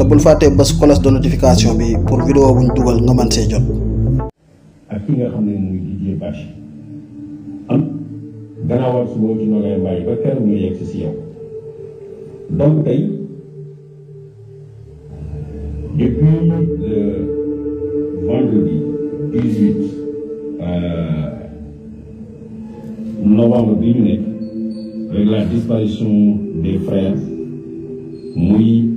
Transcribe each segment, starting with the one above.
te bul fàttee bés cloche de notification bi pour vidéo buñ dugal nga man see jot. ak ki nga xamné ne muy Didier Badji am gannaawal suba ci noonu lay bay ba kenn ñu yex ci yow donc tey depuis le euh, vendredi 18 euh, novembre bi ñu nekk avec la disparition des frères muy.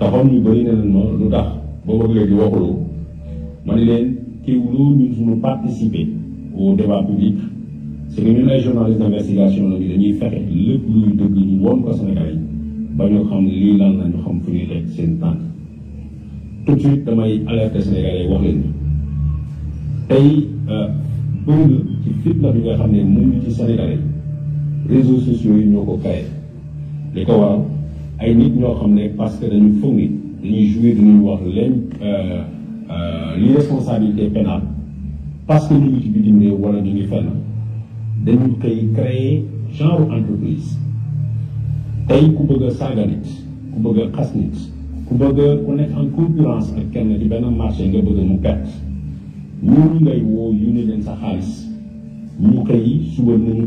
taxoon ñu bëri ne leen ma lu tax booba ak léegi waxuloo ma ne leen teewloo ñun suñu participer au débat public c'est que ñun ay journalistes d'investigation la ñu dañuy fexe lépp luy dëgg ñu woon ko Sénégalais ba ñu xam lii lan la ñu xam fu ñuy lekk seen tànk tout de suite damay alerter Sénégalais wax leen ni tey euh, bëri na ci fitna bi nga xam ne mu ngi ci Sénégalais réseaux sociaux yi ñoo ko créé li ko waral ay nit ñoo xam parce que dañu foog nous jouer dañuy wax leen euh, euh, l'irresponsabilité pénale parce que ñu ngi ci Nous wala ñu ngi dañu créer genre entreprise tey ku bëgg a nit ku bëgg a nit ku bëgg a ku en concurrence ak kenn avons benn marché nga bëgg mu perte ñooñu ngay woo yu ne leen sa xaalis ñu koy suba nañu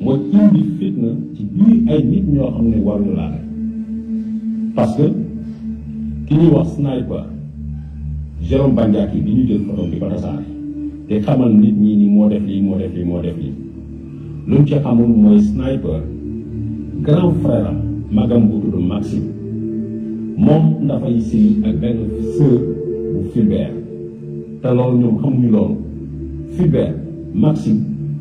mooy indi fitna ci biir ay nit ñoo xam ne waruñu laa rek parce que ki ñuy wax sniper Jérôme Bandiaki bi ñu jël photo di ko tasaare te xamal nit ñi ni moo def lii moo def lii moo def lii luñ ci xamul mooy sniper grand frère am magam bu tudd Maxime moom dafay sëy ak benn sœur bu Fulbert te loolu ñoom xamuñu loolu Fulbert Maxime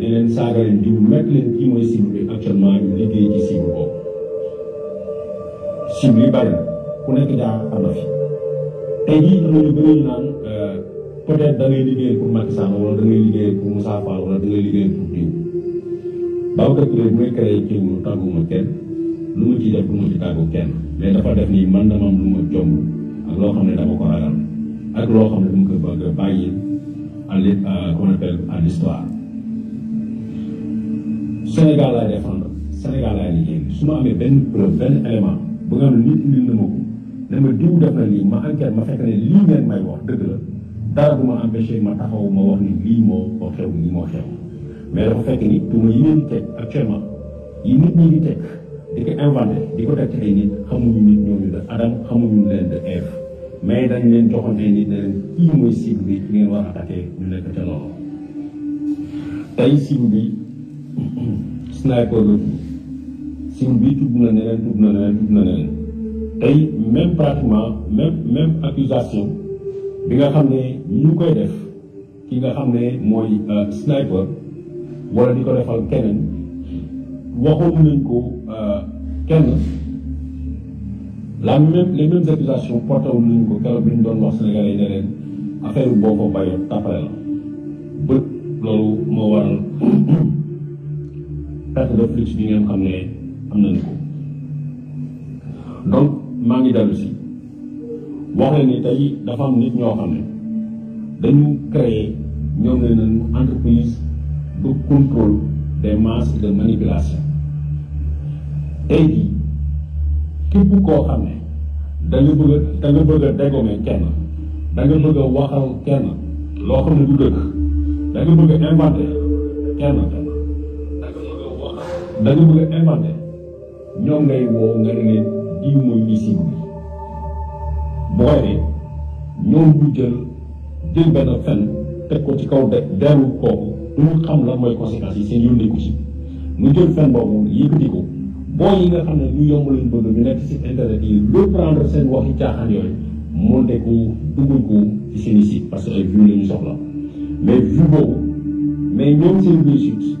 ne leen saaga leen diw met leen mooy cible bi actuellement ñu liggéey ci cible boobu cible yi bari ku nekk jaar am na fi tey jii am na ñu naan euh, peut-être da ngay liggéeyal pour Macky Sall wala da ngay liggéeyal pour Moussa Fall wala da ngay liggéeyal pour diw Babacar Touré bu may créé ci lu tàgguma kenn lu ma ciy def du ci tàggu kenn mais dafa def nii man dama lu ma jomb ak loo xam ne dama ko ragal ak loo xam ne du ma ko bëgg bàyyi à l' comment Sénégal laay défendre Sénégal laay liggéey su ma amee benn preuve benn élément bu nga xam nit indil na ma ko ne ma diw def na lii ma enquête ma fekk ne lii ngeen may wax dëgg la dara du ma empêché ma taxaw wax ni lii moo moo xew lii moo xew mais dafa fekk ni tuuma yi ngeen di teg actuellement yi nit ñi di teg di ko inventé di ko teg ci nit xamuñu nit ñooñu la Adam xamuñu leen de Ève mais dañ leen joxoon nit ne kii mooy cible bi ngeen a attaqué sniper la signe bii tudd na neneen tudd na neneen tudd na neneen tey même pratiquement même même accusation bi nga xam ne ñu koy def ki nga xam ne mooy euh, sniper wala di ko defal keneen waxoon nañ ko euh, kenn la même les mêmes accusations porté woon nañ ko keroog bi ñu doon wax Sénégalais yi ne leen boo ko bàyyoon tàppale la bët loolu moo waral Euh, réflexe bi ngeen xam ne am nañu ko donc maa ngi dellu si wax leen ni dafa am nit ñoo xam ne dañu créer ñoom ne nañu entreprise de contrôle des masses de manipulation tey jii képp koo xam ne da nga bëgg a da kenn da nga waxal kenn loo xam ne du dëgg da nga bëgg kenn. da nga bëgg a inventé ñoom ngay woo nga leen di mooy missile bi boo ko ñoom ñu jël jël benn fen teg ko ci kaw de deru kooku duñu xam lan mooy conséquences yi seen yónnee ko ci ñu jël fen boobu yëkkati ko boo yi nga xam ne ñu yomb lañ bëgg ñu nekk ci internet yi reprendre seen waxi caaxaan yooyu monte ko dugguñ ko ci seen i site parce que ay vues la soxla mais vue boobu mais ñoom seen réussite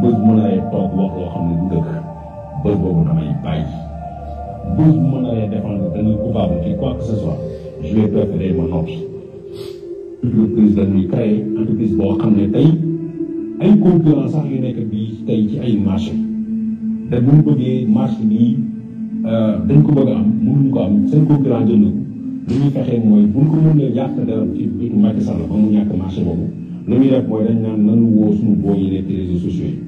bés bu ma naree toog wax loo xam ne du dëkk bés boobu damay bàyyi bés bu ma naree défendre dana coupable ci quoi que ce soit je vais préférer ma noppi. entreprise la ñuy créé boo xam ne tey ay concurrence sax yu nekk bi tey ci ay marché te bu ñu bëggee marché bi euh, dañ ko bëgg a am mënuñu ko am seen concurrent jënd mu ñàkk marché boobu li muy def mooy dañ naan nanu woo suñu boo yi nekk réseaux sociaux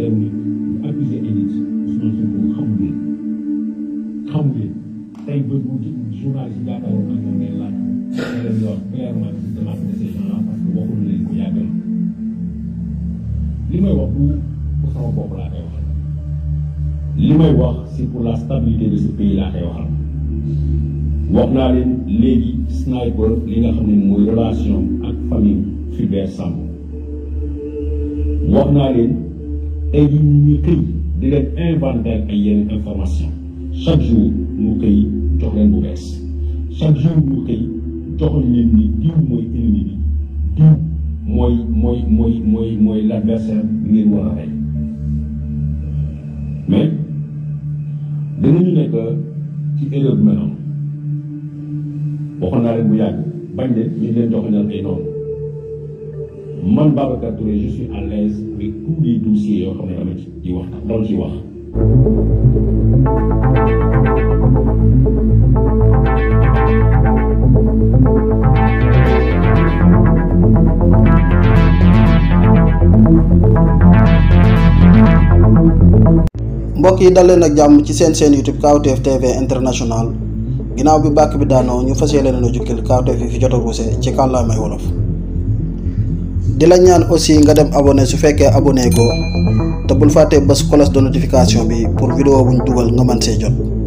terme ni ñu accusé li may wax du pour sama bopp laa koy waxal li may wax c'est pour la stabilité de ce pays laa koy waxal wax naa leen léegi sniper li nga xam ne mooy relation ak famille Fulbert Sambou wax naa leen tey jii ñu xëy di leen inventaire ay yeneen information chaque jour ñu xëy jox leen bu bees chaque jour ñu xëy jox leen ni diw mooy ennemi bi diw mooy mooy mooy mooy mooy l'adversaire bi ngeen war a rey mais dinañu nekk ci erreur bi mel noonu waxoon naa leen bu yàgg bañ leen ñu leen jox leen ay noonu. man Babacar Touré je suis à l'aise avec tous les dossiers yoo xam ne dama ci wax doon ci wax mbokk yi dal leen ak ci sen sen YouTube kawtf TV international ginaaw bi bàkk bi daano ñu fassiyé yéene na jukkel kawtf yi fi jot a ruuse ci may wolof di la ñaan aussi nga dem abonné su fekkee abonné ko te bul fàtte bas kolas de notification bi pour vidéo buñ dugal nga man see jot